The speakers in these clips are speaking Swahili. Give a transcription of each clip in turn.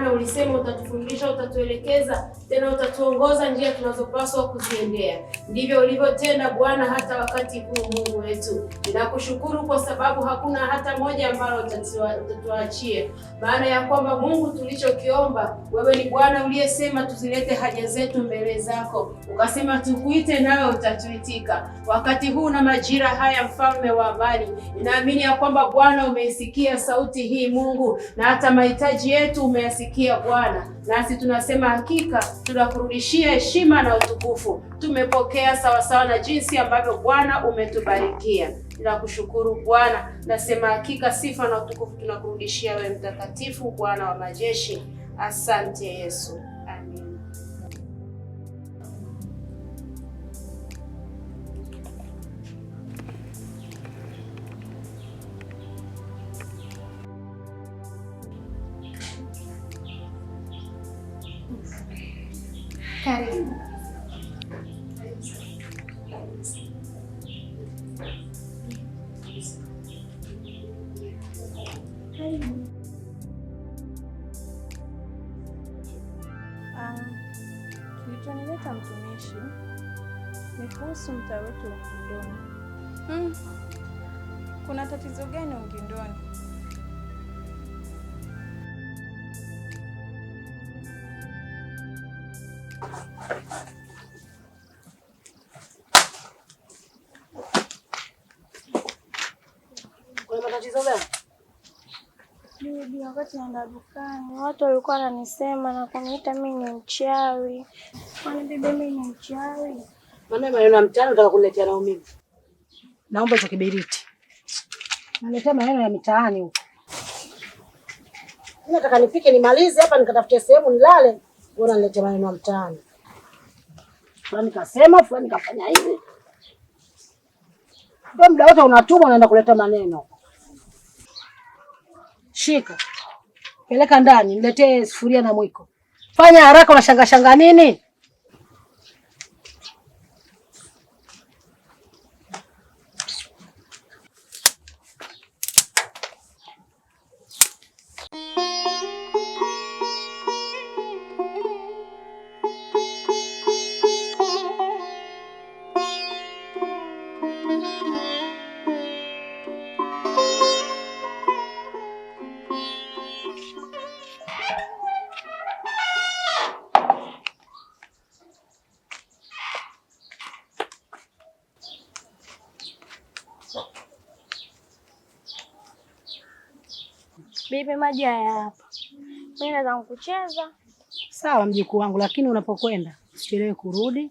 Bwana ulisema utatufundisha, utatuelekeza, tena utatuongoza njia tunazopaswa kuziendea ndivyo ulivyotenda Bwana hata wakati huu. Mungu wetu, ninakushukuru kwa sababu hakuna hata moja ambalo utatuachia, maana ya kwamba Mungu, tulichokiomba wewe ni Bwana uliyesema tuzilete haja zetu mbele zako, ukasema tukuite nawe utatuitika. Wakati huu na majira haya, mfalme wa amani, ninaamini ya kwamba Bwana umeisikia sauti hii Mungu, na hata mahitaji yetu umeyasikia Bwana, nasi tunasema hakika tunakurudishia heshima na utukufu tumepokea sawasawa na jinsi ambavyo Bwana umetubarikia. kushukuru Bwana, nasema hakika sifa na utukufu tunakurudishia wewe, Mtakatifu, Bwana wa majeshi. Asante Yesu, amin. Karibu. kuhusu mtaa wetu wa Ukindoni. Hmm. Kuna tatizo gani Ukindoni? wakati naenda dukani watu walikuwa wananisema na kuniita mimi ni mchawi. Kwani bibi, mimi ni mchawi? Maana maneno ya mtaani nataka kuniletea nao mimi. Naomba za kiberiti. Naletea maneno ya mitaani huko. Mimi Nataka nifike nimalize hapa nikatafute sehemu nilale. Bora niletea maneno ya mtaani. Fulani kasema, fulani kafanya hivi. Kwa muda wote unatuma unaenda kuleta maneno. Shika. Peleka ndani, niletee sufuria na mwiko. Fanya haraka, unashangashanga nini? Bibi, maji haya hapa. Mimi naweza kukucheza. Sawa mjukuu wangu, lakini unapokwenda usichelewe kurudi.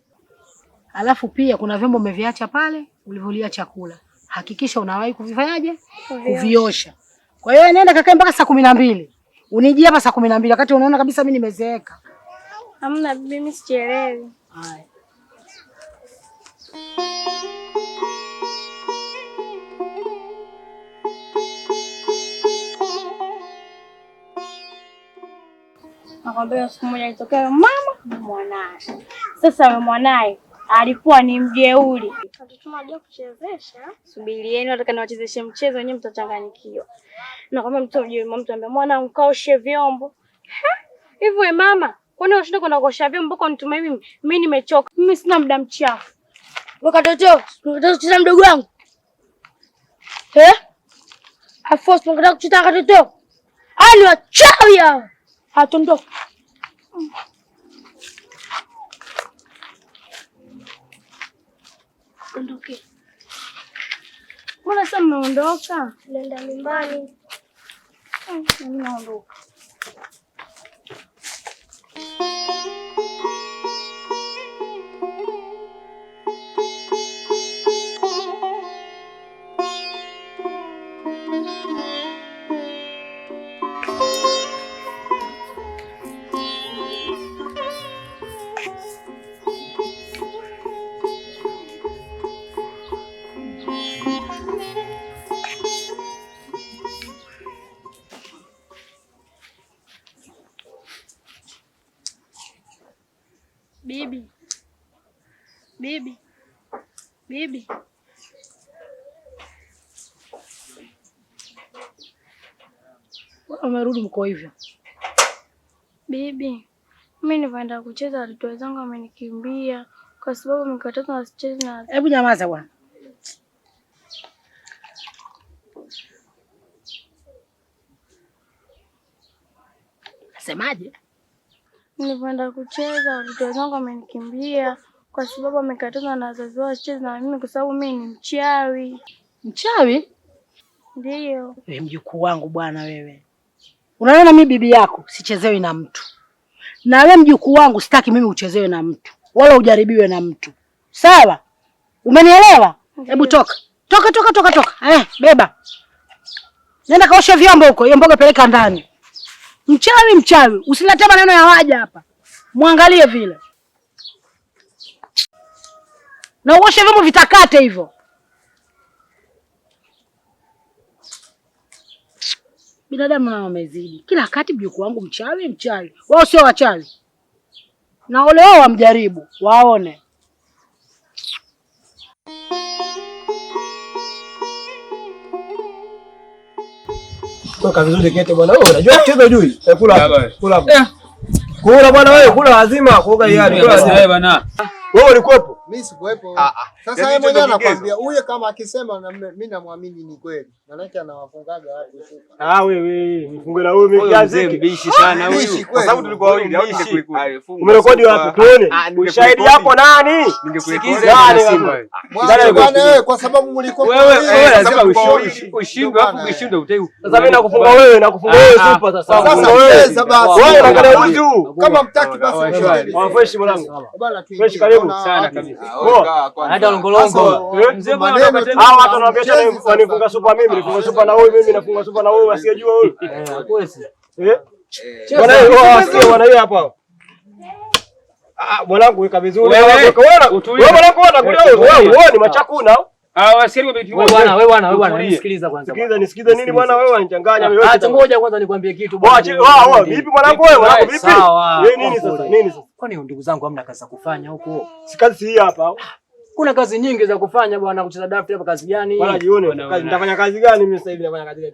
Alafu pia kuna vyombo umeviacha pale ulivyolia chakula, hakikisha unawahi kuvifanyaje, kuviosha. Kwa hiyo nenda kakae mpaka saa kumi na mbili unijie hapa saa kumi na mbili wakati unaona kabisa mimi nimezeeka. Hamna bibi, mimi sichelewi. Haya. akakwambia siku moja alitokea mama na mwanaye. Sasa mwanaye alikuwa ni mjeuri. Tunajua kuchezesha. Subirieni nataka niwachezeshe mchezo wenyewe mtachanganyikiwa. Nakwambia mtu mjeuri, mama mtu ambia mwana ukaoshe vyombo. Hivyo we mama, kwani unashinda kwenda kuosha vyombo mpaka nitume mimi? Mimi nimechoka. Mimi sina muda mchafu. Boka toto, tunataka kucheza mdogo wangu. Eh? Afos tunataka kucheza katoto. Ani wachawi hao. Hatondoki. Ondoke. Mbona sasa mnaondoka? Nenda nyumbani. Ah, naondoka. Bibi, bibi, umerudi mko hivyo? Bibi, mimi nivyoenda kucheza watoto wenzangu wamenikimbia kwa sababu mikatazo wasicheze na. Hebu nyamaza bwana. Nasemaje? Nilivyoenda kucheza watoto wangu wamenikimbia kwa sababu wamekatazwa na wazazi wao wasicheze na mimi kwa sababu mimi ni mchawi. Mchawi? Ndio. Wewe mjukuu wangu bwana wewe. Unaona mimi bibi yako sichezewi na mtu. Na wewe mjukuu wangu sitaki mimi uchezewe na mtu wala ujaribiwe na mtu. Sawa? Umenielewa? Hebu toka. Toka toka toka toka. Eh, beba. Nenda kaosha vyombo huko. Hiyo mboga peleka ndani. Mchawi mchawi, usilete maneno ya waja hapa. Mwangalie vile na uoshe vyombo vitakate hivyo. Binadamu nao wamezidi, kila wakati mjukuu wangu mchawi mchawi. Wao sio wachawi, na ole wao wamjaribu waone. Toka vizuri kete bwana wewe, oh, unajua kucheza ah. hujui. Eh, kula kula eh. kula bwana wewe, kula lazima kuoga hiyo Kula lazima bwana wewe, ulikuwa mimi sikuwepo. Ah, ah. Sasa yaani yeye mwenyewe anakuambia huyo, kama akisema na mimi namwamini ni kweli. Maana yake anawafungaga watu shuka. Ah, wewe na wewe, mimi mzee mbishi ah, sana huyu. Kwa sababu tulikuwa wawili au ningekuwa. Umerekodi wapi tuone? Ushahidi hapo nani? Ningekuelekeza nani Simba. Bwana wewe kwa sababu mlikuwa wewe lazima ushindwe hapo ukishindwe uteu. Sasa mimi nakufunga wewe nakufunga wewe super sasa. Sasa sasa, basi. Wewe unaangalia huyu. Kama mtaki basi. Fresh mwanangu. Bwana tu. Fresh karibu sana kabisa hata longolongo mzee supa mimi, nifunga supa na huyu mimi nafunga supa na huyu asiyejua huyu. mwanangu weka vizuri. Wewe mwanangu unakulia wewe, machakuna nikwambie ndugu zangu hamna kazi za kufanya huko? Si kazi hii hapa. Kuna kazi nyingi za kufanya bwana, kucheza dafti hapa kazi gani? Kazi nitafanya kazi gani mimi sasa hivi nafanya kazi gani?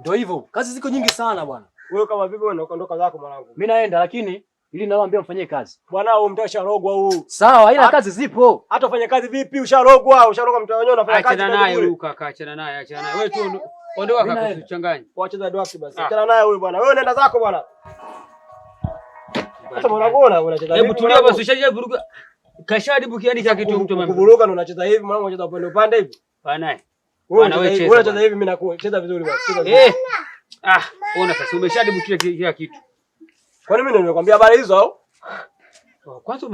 Ndio hivyo. Kazi ziko nyingi sana bwana. Wewe kama vipi unaondoka zako mwanangu? Mimi naenda lakini ili nawaambia mfanyie kazi. Bwana mtu asharogwa huu. Sawa, haina kazi zipo. Hata ufanye kazi vipi usharogwa, usharogwa mtu wenyewe anafanya kazi. Achana naye huyu kaka, achana naye, achana naye. Wewe tu ondoa kaka usichanganye. Wacheza dwapi basi. Ah. Achana naye huyu bwana. Wewe nenda zako bwana. Hata bwana unacheza. Hebu tulia basi ushaje vuruga. Kashadibu kiani cha kitu mtu mimi. Kuvuruga ndo unacheza hivi, mwanangu unacheza upande upande hivi. Bwana. Eh. Bwana Wewe cheza. unacheza hivi mimi nakuwa. Cheza vizuri basi. Eh. Ah, ona sasa umeshadi buki kila kitu. Kwani mimi nimekwambia habari hizo au? Oh, kwanza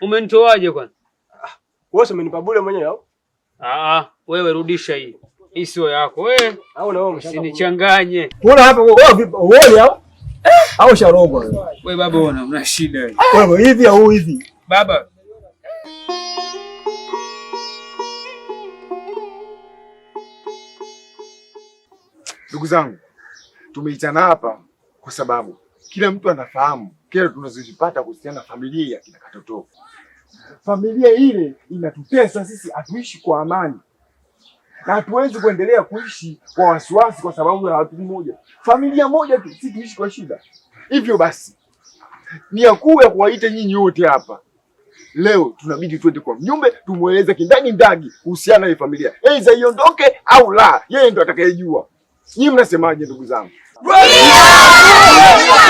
umenitoaje kwani? Ah, wewe umenipa bure mwenyewe au? Ah, ah, wewe rudisha hii. Hii sio yako. Wewe au na wewe mshinichanganye. Bora hapa wewe wewe au? Eh? Au sharogo wewe. Wewe baba una una shida wewe. Wewe hivi au hivi? Baba. Ndugu zangu, tumeitana hapa kwa sababu kila mtu anafahamu kero tunazozipata kuhusiana na familia ya kina Katotoko. Familia ile inatutesa sisi, hatuishi kwa amani na hatuwezi kuendelea kuishi kwa wasiwasi kwa sababu ya watu mmoja, familia moja tu, si tuishi kwa shida. Hivyo basi ni kuu ya kuwaita nyinyi wote hapa leo, tunabidi twende kwa mjumbe, tumweleze kindani ndagi kuhusiana na familia, aidha iondoke au la, yeye ndo atakayejua. Nyinyi mnasemaje, ndugu zangu? yeah! yeah! yeah! yeah!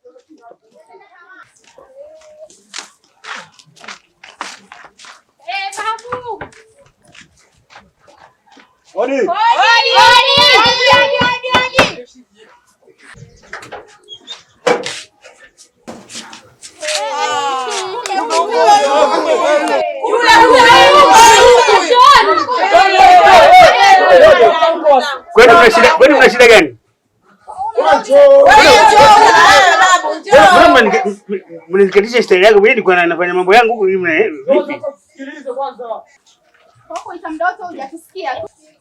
Kwani mna shida gani? Mnanikatisha staili yako, nilikuwa nafanya mambo yangu huku. Sikiliza kwanza.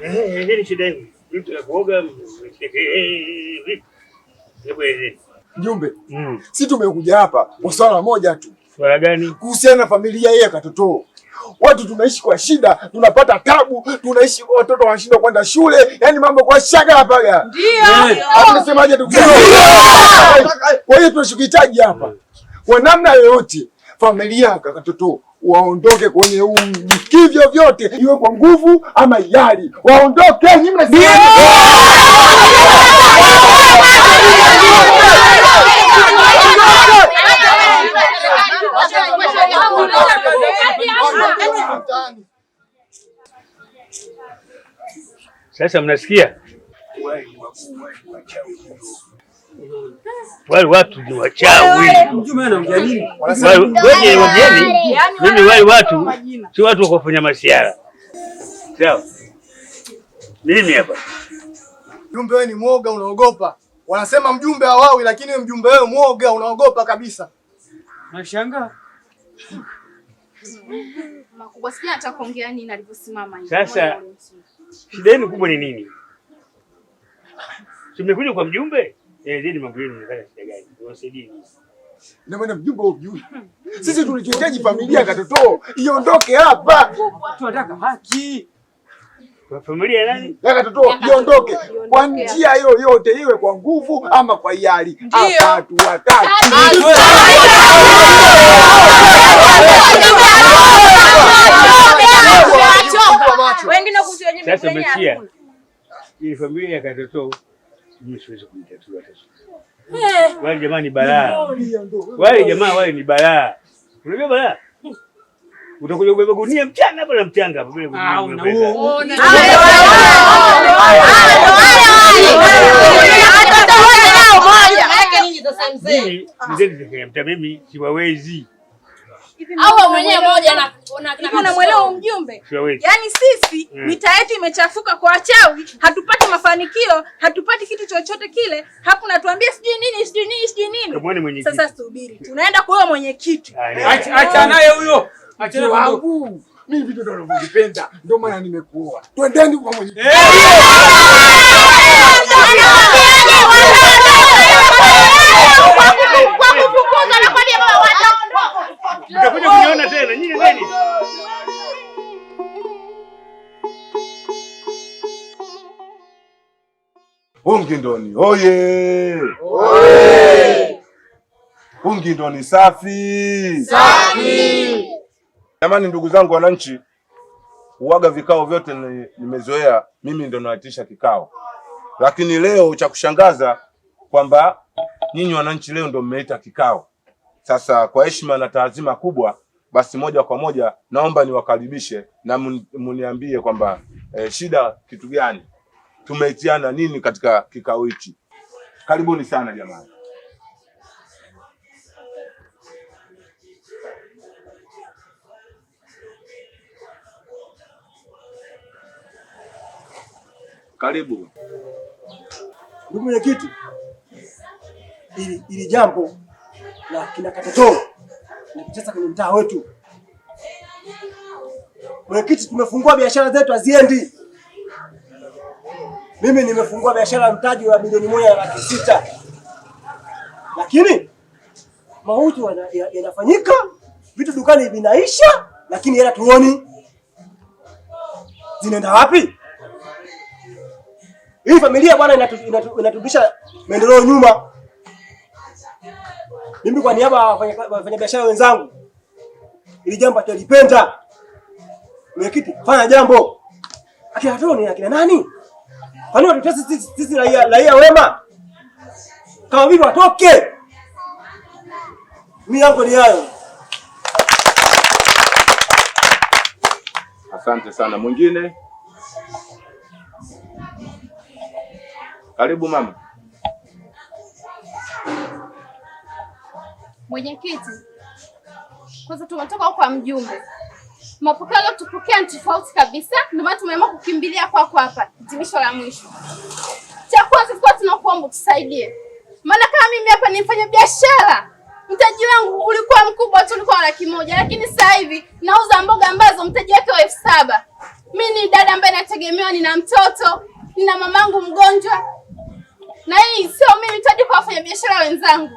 Nini shida Mtu mm. si tumekuja hapa kwa swala moja tu. Swala gani? Kuhusiana na familia ya Katoto. Watu tunaishi kwa shida, tunapata tabu, tunaishi watoto wanashindwa kwenda shule, yani mambo kwa shaka hapa. Ndio. Eh, Tunasemaje tu? Kwa hiyo tunashukitaji hapa. Kwa namna yoyote familia ya Katoto waondoke kwenye huu mji kivyo vyote, iwe kwa nguvu ama yari, waondoke Sasa mnasikia? wale watu ni wachawi, yaani mimi wale watu si watu wa kufanya masiara. Sawa, mimi hapa mjumbe, wewe ni mwoga, unaogopa. Wanasema mjumbe hawawi, lakini wewe mjumbe, wewe mwoga, unaogopa kabisa. Nashangaa makubwa, hata kuongea nini alivyosimama Sasa shida yenu kubwa ni nini? Tumekuja kwa mjumbe Eh, na maana mjumba huyu, sisi tulichohitaji familia katotoo iondoke hapa, tunataka haki Kwa familia nani Ya katotoo iondoke kwa njia yoyote, iwe kwa nguvu ama kwa hiari. Hapa watu watatu wengine ili familia ya katotoo Sijui siwezi kumtatua tatizo. Wale jamaa ni balaa. Wale jamaa wale ni balaa. Unajua balaa? Utakuja kubeba gunia mchanga hapo na mchanga hapo bila gunia. Ah, unaona. mimi siwawezi au mwenyewe moja unamwelewa mjumbe? Yaani sisi mita yetu imechafuka kwa wachawi, hatupati mafanikio, hatupati kitu chochote kile, hapo natuambia sijui nini sijui nini sijui nini. Sasa subiri, tunaenda kwa huyo mwenyekiti. Acha naye huyo wangu mimi vitu ndio ninavyopenda, ndio maana nimekuoa. Twendeni kwa mwenyekiti mtakuja kuniona tena nyinyi nini? Ungindoni oye! Oye! Ungindoni safi safi! Jamani, ndugu zangu wananchi, uwaga vikao vyote nimezoea mimi ndo naitisha kikao, lakini leo cha kushangaza kwamba nyinyi wananchi leo ndo mmeita kikao sasa kwa heshima na taazima kubwa, basi moja kwa moja naomba niwakaribishe na mniambie kwamba e, shida kitu gani, tumeitiana nini katika kikao hichi. Karibuni sana jamani. Karibu ndugu mwenyekiti, ili ili jambo na kina Katoto na kucheza kwenye mtaa wetu. Mwenyekiti, tumefungua biashara zetu haziendi. Mimi nimefungua biashara mtaji wa milioni moja na laki sita lakini mauzo yanafanyika, vitu dukani vinaisha, lakini hela tuoni zinaenda wapi? Hii familia bwana inaturudisha maendeleo nyuma. Mimi kwa niaba ya wafanyabiashara wenzangu, ili jambo atalipenda mwenyekiti, fanya jambo. Akina Toni, akina nani? Kwa nini watutesa sisi, sisi raia, raia wema kama vile watoke? Mimi yangu ni hayo. Asante sana. Mwingine karibu mama. Mwenyekiti, kwanza tumetoka kwa mjumbe, mapokeo aliotupokea ni tofauti kabisa. Ndio maana tumeamua kukimbilia kwako hapa. Hitimisho la mwisho, cha kwanza tulikuwa tunakuomba tusaidie, maana kama mimi hapa ni mfanya biashara, mtaji wangu ulikuwa mkubwa tu, ulikuwa laki moja, lakini sasa hivi nauza mboga ambazo mtaji wake wa elfu saba. Mimi ni dada ambaye nategemewa, nina mtoto, nina mamangu mgonjwa, na hii sio mimi taji kwa wafanyabiashara wenzangu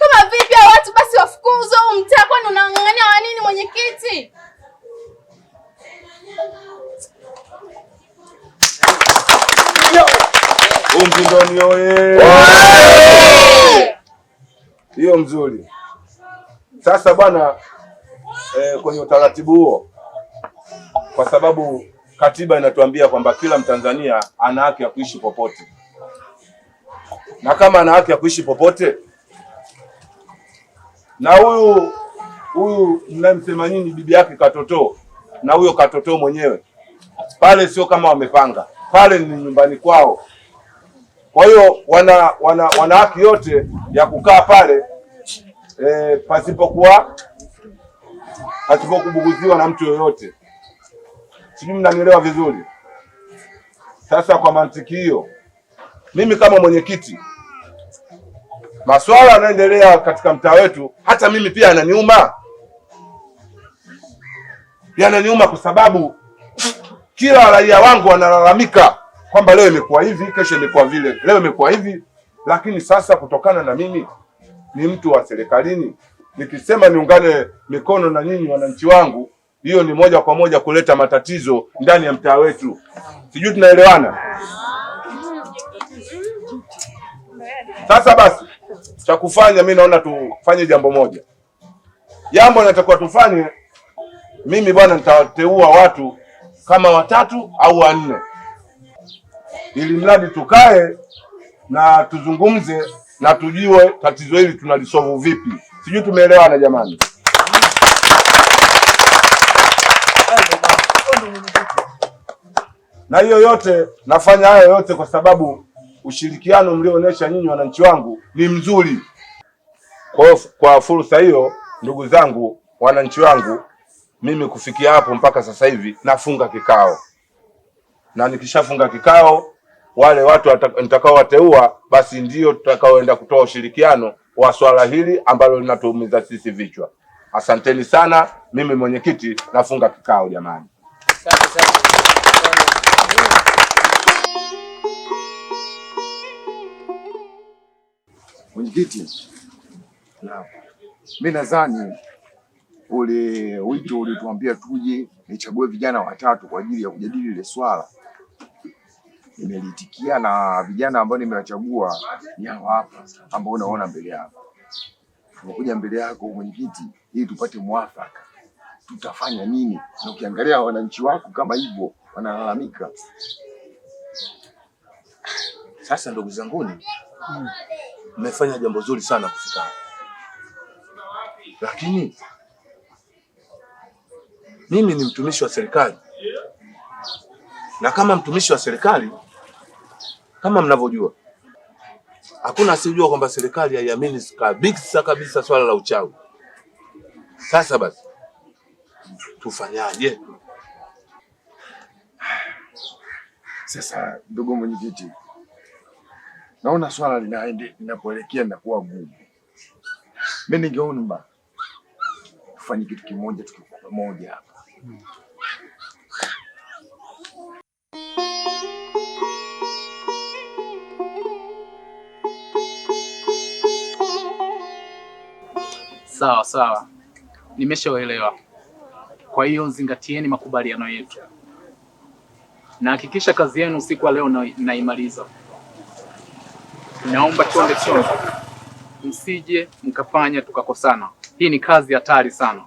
kama vipi hao watu basi wafukuzwe huu mtaa, kwani unang'ang'ania wa nini mwenyekiti? oye! Hiyo mzuri. Sasa bwana eh, kwenye utaratibu huo, kwa sababu katiba inatuambia kwamba kila Mtanzania ana haki ya kuishi popote, na kama ana haki ya kuishi popote na huyu huyu mnamsema nini bibi yake katotoo na huyo katotoo mwenyewe pale, sio kama wamepanga pale, ni nyumbani kwao. Kwa hiyo wana wana wana haki yote ya kukaa pale e, pasipokuwa pasipokubuguziwa na mtu yoyote. Sijui mnanielewa vizuri. Sasa kwa mantiki hiyo, mimi kama mwenyekiti maswala yanayoendelea katika mtaa wetu, hata mimi pia yananiuma, yananiuma kwa sababu kila raia wangu wanalalamika kwamba leo imekuwa hivi, kesho imekuwa vile, leo imekuwa hivi. Lakini sasa kutokana na mimi ni mtu wa serikalini, nikisema niungane mikono na nyinyi wananchi wangu, hiyo ni moja kwa moja kuleta matatizo ndani ya mtaa wetu. Sijui tunaelewana? Sasa basi cha kufanya, mi naona tufanye jambo moja, jambo natakiwa tufanye. Mimi bwana, nitawateua watu kama watatu au wanne, ili mradi tukae na tuzungumze na tujue tatizo hili tunalisovu vipi. Sijui tumeelewana jamani? na hiyo yote nafanya hayo yote kwa sababu ushirikiano mlioonyesha nyinyi wananchi wangu ni mzuri. Kwa, kwa fursa hiyo ndugu zangu wananchi wangu, mimi kufikia hapo mpaka sasa hivi nafunga kikao, na nikishafunga kikao wale watu nitakaowateua basi ndio tutakaoenda kutoa ushirikiano wa swala hili ambalo linatuumiza sisi vichwa. Asanteni sana. Mimi mwenyekiti nafunga kikao jamani. Mwenyekiti, mimi nadhani ule wito ulituambia tuje nichague vijana watatu kwa ajili ya kujadili ile swala, nimelitikia na vijana ambao nimewachagua ni hao hapa ambao unaona mbele yako. Tumekuja mbele yako mwenyekiti, ili tupate mwafaka, tutafanya nini? Na ukiangalia wananchi wako kama hivyo wanalalamika. Sasa ndugu zanguni, hmm mmefanya jambo zuri sana kufika hapa, lakini mimi ni mtumishi wa serikali, na kama mtumishi wa serikali, kama mnavyojua, hakuna asijua kwamba serikali haiamini kabisa kabisa swala la uchawi. Sasa basi tufanyaje? Sasa ndugu mwenyekiti naona swala linapoelekea linakuwa gumu. Mi ningeomba tufanye kitu kimoja, tukiwa pamoja hapa hmm. Sawa sawa, nimeshaelewa. Kwa hiyo zingatieni makubaliano yetu na hakikisha kazi yenu usiku wa leo naimaliza na naomba tuende sote, msije mkafanya tukakosana. Hii ni kazi hatari sana.